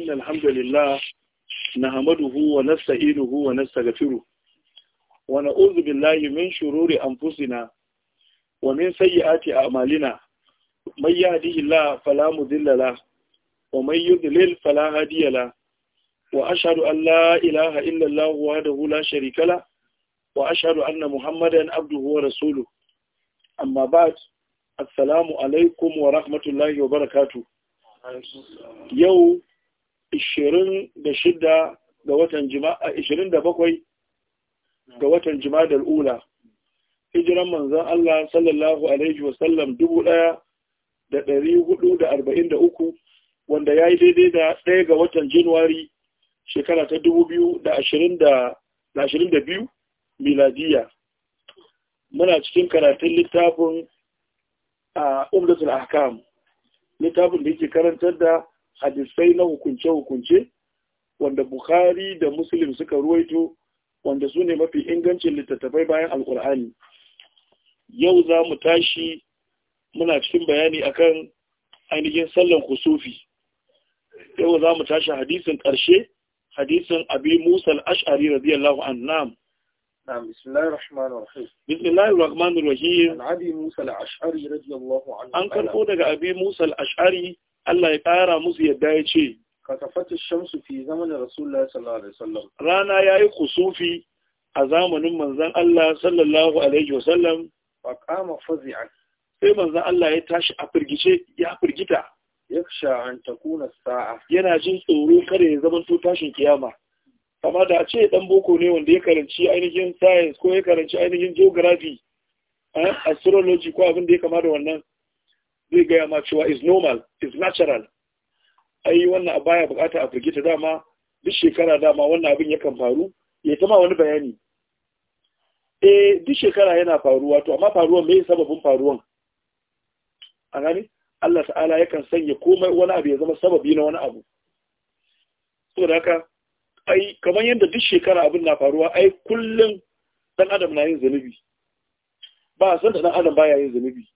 إن الحمد لله نحمده ونستعينه ونستغفره ونعوذ بالله من شرور أنفسنا ومن سيئات أعمالنا من يهده الله فلا مذل له ومن يذلل فلا هادي له وأشهد أن لا إله إلا الله وحده لا شريك له وأشهد أن محمدا عبده ورسوله أما بعد السلام عليكم ورحمة الله وبركاته yau 26 ga watan jima'a 27 ga watan jima'a ula hijiran manzon Allah sallallahu alaihi wasallam 1443 wanda yi daidai da ɗaya ga watan Januwari shekara ta 2022 miladiya muna cikin karatun littafin a umdatul ahkam littafin da yake karantar da hadisai na hukunce-hukunce wanda Bukhari da Muslim suka ruwaito wanda su ne mafi ingancin littattafai bayan Al-Qur'ani, Yau za mu tashi muna cikin bayani akan ainihin sallan kusufi. Yau za mu tashi hadisin ƙarshe, hadisin Abi Musa al-Ash'ari radiyallahu anhu. نعم بسم الله الرحمن الرحيم بسم الله الرحمن الرحيم عن أبي موسى الأشعري رضي الله عنه أنكر قولك أبي موسى Allah ya ƙara musu yadda ya ce kasafatu shamsu fi zamanin Rasulullah sallallahu alaihi wasallam rana ya yi kusufi a zamanin Manzan Allah sallallahu alaihi wasallam fa qama fazi'an sai Manzan Allah ya tashi a firgice ya firgita sha an takuna sa'a yana jin tsoro kada ya zama to tashin kiyama Kama da a ce dan boko ne wanda ya karanci ainihin science ko ya karanci ainihin geography eh, astrology ko abin da ya kama da wannan zai gaya ma cewa is normal is natural ai wannan a baya bukata a firgita dama duk shekara dama wannan abin yakan faru ya ta ma wani bayani eh duk shekara yana faruwa to amma faruwan me sababin faruwan a gani Allah ta'ala yakan sanya komai wani abu ya zama sababi na wani abu da haka ai kamar yadda duk shekara abin na faruwa ai kullum dan adam na yin zanubi ba san da dan adam baya yin zanubi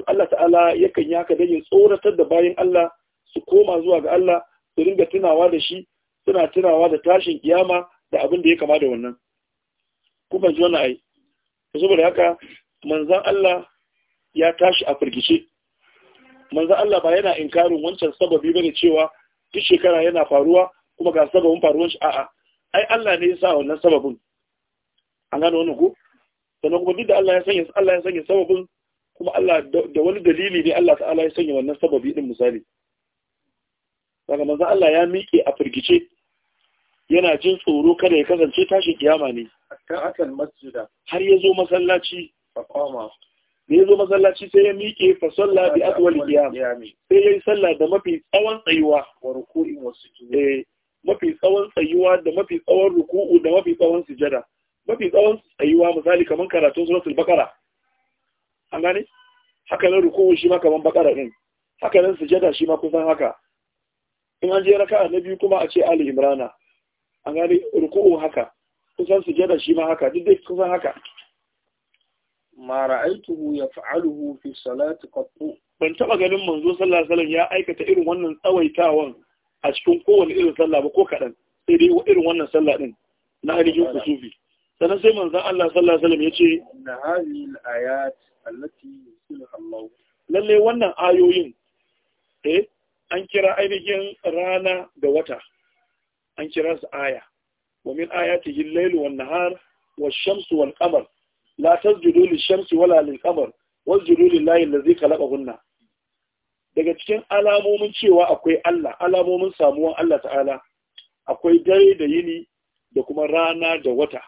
to Allah ta'ala yakan yi haka dai-dai, ya tsoratar da bayan Allah su koma zuwa ga Allah su ringa tunawa da shi suna tunawa da tashin kiyama da abin da ya kama da wannan kuma ji wannan ai saboda haka manzan Allah ya tashi a firgice manzan Allah ba yana inkarin wancan sababi bane cewa duk shekara yana faruwa kuma ga sababin faruwar shi a'a ai Allah ne ya sa wannan sababin an gano wannan ku sannan kuma duk da Allah ya sanya Allah ya sanya sababin kuma Allah da wani dalili ne Allah ta'ala ya sanya wannan sababi din misali daga manzo Allah ya miƙe a firgice yana jin tsoro kada ya kasance tashin kiyama ne akan masjida har ya zo masallaci faqama da ya zo masallaci sai ya miƙe fa salla bi atwal qiyam sai yi sallah da mafi tsawon tsayuwa wa ruku'i wa sujud eh mafi tsawon tsayuwa da mafi tsawon ruku'u da mafi tsawon sujada mafi tsawon tsayuwa misali kamar karatun suratul baqara an gane haka nan ruku'u shi ma kaman bakara din haka nan sujada shi ma kusan haka in an je raka'a na biyu kuma a ce ali imrana an gane ruku'u haka kusan sujada shi ma haka duk dai kusan haka ma ra'aituhu yaf'aluhu fi salati qattu ban taba ganin manzo sallallahu alaihi wasallam ya aikata irin wannan tsawaitawan a cikin kowane irin sallah ba ko kadan sai dai irin wannan sallah din na ainihin kusufi sannan sai manzan Allah sallallahu alaihi wasallam ya ce na hadhihi ayat allati yusiluha Allah lalle wannan ayoyin eh an kira ainihin rana da wata an kira su aya wa min ayatihi al-layl wan nahar wash-shamsu wal qamar la tasjudu lish-shamsi wala lil-qamar wasjudu lillahi allazi khalaqahunna daga cikin alamomin cewa akwai Allah alamomin samuwan Allah ta'ala akwai dare da yini da kuma rana da wata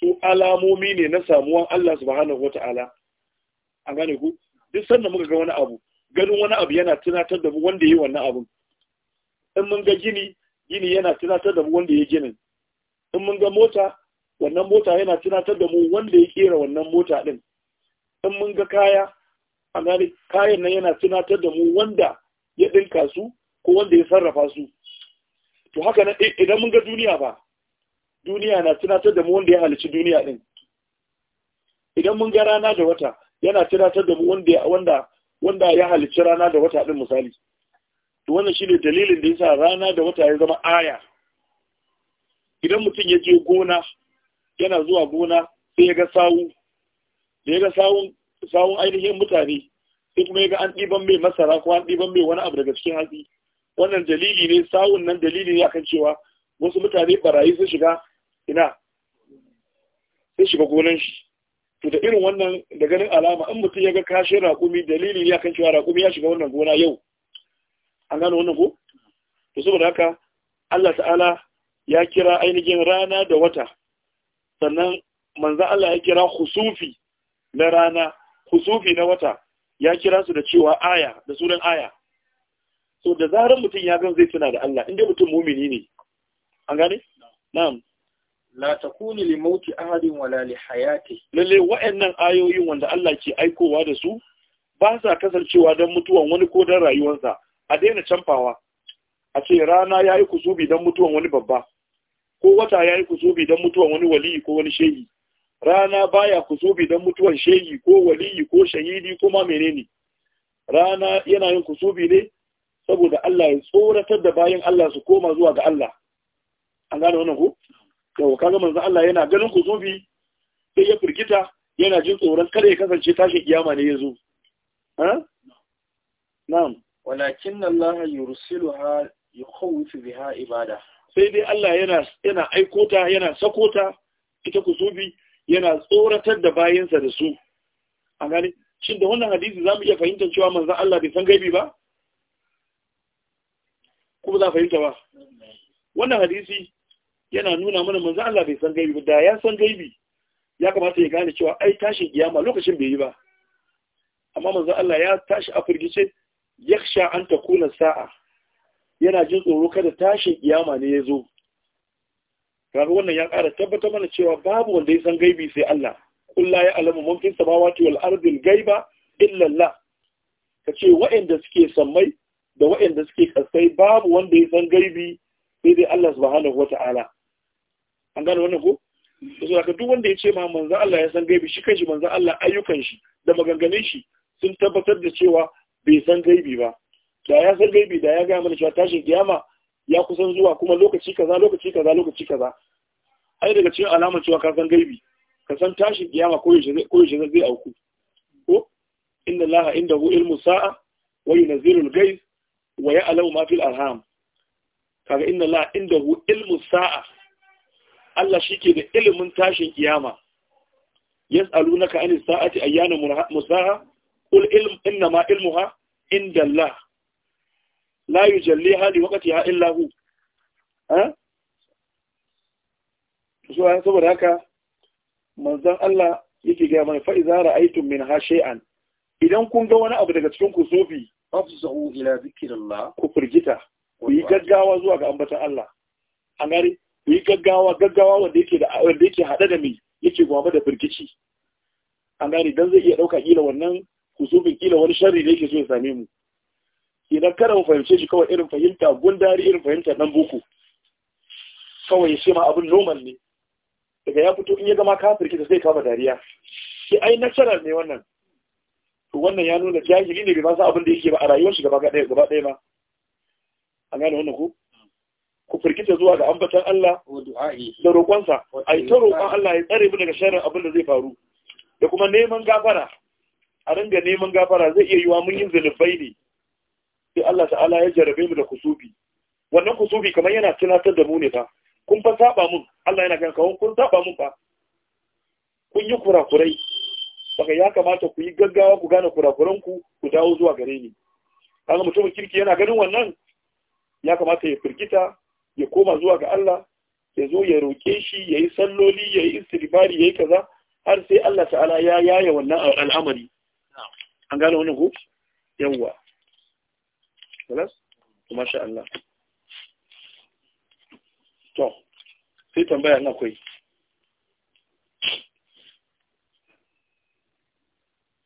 su alamomi ne na samuwan Allah subhanahu Ta'ala. A gane ku duk sannan muka ga wani abu ganin wani abu yana tunatar da mu wanda yi wannan abun in mun ga gini gini yana tunatar da mu wanda ya ginin in mun ga mota wannan mota yana tunatar da mu wanda ya kera wannan mota din in mun ga kaya a gane kayan nan yana tunatar da mu wanda ya dinka su ko wanda ya sarrafa su to haka nan idan mun ga duniya ba duniya na tunatar da mu wanda ya halici duniya din idan mun ga rana da wata yana tunatar da mu wanda wanda ya halici rana da wata din misali to wannan shine dalilin da yasa rana da wata ya zama aya idan mutum ya je gona yana zuwa gona sai ya ga sawu da ya ga sawun ainihin mutane sai kuma ya ga an ɗiban mai masara ko an ɗiban mai wani abu daga cikin hatsi wannan dalili ne sawun nan dalili ne akan cewa wasu mutane barayi sun shiga ina sai shiga gonan shi to da irin wannan da ganin alama in mutum ya ga kashin raƙumi dalili ya kan cewa raƙumi ya shiga wannan gona yau an gano wannan ko to saboda haka Allah ta'ala ya kira ainihin rana da wata sannan manzo Allah ya kira khusufi na rana khusufi na wata ya kira su da cewa aya da sunan aya so da zarar mutum ya gan zai tuna da Allah inda mutum mumini ne an gane na'am la takunu li mauti ahadin wala li hayati lalle wa'annan ayoyin wanda Allah ke aikowa da su ba sa kasancewa dan mutuwan wani ko dan rayuwarsa a daina canfawa a ce rana yayi yi kusubi don mutuwan wani babba ko wata yayi yi kusubi don mutuwan wani waliyi ko wani shehi rana baya kusubi don mutuwan shehi ko waliyi ko shahidi ko ma menene rana yana yin kusubi ne saboda Allah ya tsoratar da bayan Allah su koma zuwa ga Allah an gane wannan ko kawo kaga manzo Allah yana ganin zubi sai ya firgita yana jin tsoron kada ya kasance tashin kiyama ne yazo ha na'am walakin Allah yursiluha yukhawwifu biha ibada sai dai Allah yana yana aiko ta yana sako ta ita zubi yana tsoratar da bayinsa da su an gani shin da wannan hadisi zamu iya fahimtar cewa manzo Allah bai san gaibi ba ko ba za fahimta ba wannan hadisi yana nuna mana manzo Allah bai san gaibi ba. da ya san gaibi ya kamata ya gane cewa ai tashin kiyama lokacin bai yi ba amma manzo Allah ya tashi a firgice yakhsha an takuna sa'a yana jin tsoro kada tashin kiyama ne ya zo kaga wannan ya ƙara tabbata mana cewa babu wanda ya san gaibi sai Allah kullu ya alamu man fi samawati wal ardi al gaiba illa Allah kace wa'anda suke sammai da wa'anda suke kasai babu wanda ya san gaibi sai dai Allah subhanahu wata'ala an gane wannan ko Da saboda duk wanda ya ce ma manzan Allah ya san gaibi shi kanshi manzan Allah ayyukan shi da maganganun shi sun tabbatar da cewa bai san gaibi ba da ya san gaibi da ya ga mana cewa tashin kiyama ya kusan zuwa kuma lokaci kaza lokaci kaza lokaci kaza ai daga cikin alamar cewa ka san gaibi ka san tashin kiyama ko yaushe ko yaushe zai auku ko inna allaha indahu ilmu sa'a wa yunzilu al-ghaiz wa ya'lamu ma fil arham kaga inna allaha indahu ilmu sa'a Allah shi ke da ilimin tashin kiyama yas'alunaka anis sa'ati ayyana musaha qul ilm innama ilmuha inda Allah la yujalliha li waqtiha illa hu ha so saboda haka manzon Allah yake ga mana fa idza ra'aytum minha shay'an idan kun ga wani abu daga cikin ku sofi afza'u ku firgita ku yi gaggawa zuwa ga ambatan Allah A gari ku yi gaggawa gaggawa wanda yake da wanda yake hada da mai yake gwamma da firgici an gane dan zai iya dauka kila wannan kusufin kila wani sharri da yake so ya same mu idan kada mu fahimce shi kawai irin fahimta gundari irin fahimta dan boko kawai ya ce ma abin normal ne daga ya fito in ya gama ka firgita sai kama dariya shi ai nasarar ne wannan to wannan ya nuna jahili ne bai san abin da yake ba a rayuwar shi gaba ɗaya gaba ɗaya ma an gane wannan ko ku firgita zuwa ga ambatan Allah da roƙonsa a yi ta roƙon Allah ya tsare mu daga sharar abin da zai faru da kuma neman gafara a ringa neman gafara zai iya yiwa mun yi zunubai ne sai Allah ta'ala ya jarabe mu da kusufi wannan kusufi kamar yana tunatar da mu ne fa kun fa saba mun Allah yana ganin kun saba mun fa kun yi kurakurai baka ya kamata ku yi gaggawa ku gane kurakuran ku ku dawo zuwa gare ni kaga mutumin kirki yana ganin wannan ya kamata ya firgita ya koma zuwa ga Allah ya zo ya roke shi ya yi salloli ya yi istirifari ya yi kaza har sai Allah ta'ala ya yaya wannan al'amari an gane wani ko yawwa خلاص ما شاء الله to sai tambaya na kai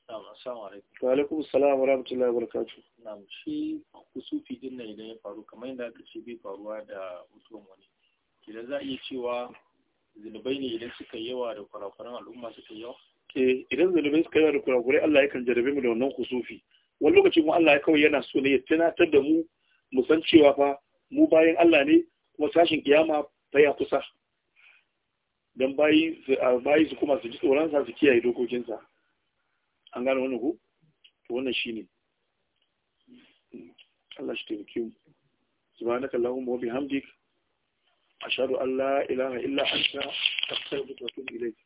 Assalamu alaikum. Wa alaikum assalam wa rahmatullahi wa barakatuh. Na'am shi din nan idan ya faru kamar yadda aka ce bai faruwa da mutuwan wani idan za a iya cewa zunubai ne idan suka yawa da kurakuran al'umma suka yawa ke eh, idan zunubai suka yawa da kurakurai Allah ya kan jarabe mu da wannan kusufi wani lokaci kuma Allah ya kawai yana so ne ya tunatar da mu mu san cewa fa mu bayan Allah ne kuma sashin kiyama fa ya kusa dan bayi bayi su kuma su ji tsoron sa su kiyaye dokokinsa an gane wannan ku to wannan shine Allah shi taimake mu subhanaka allahumma wa bihamdik ashhadu an la ilaha illa anta astaghfiruka wa atubu ilayk